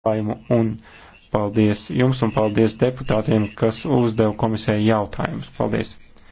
jautājumu un paldies jums un paldies deputātiem, kas uzdev komisēju jautājumus. Paldies!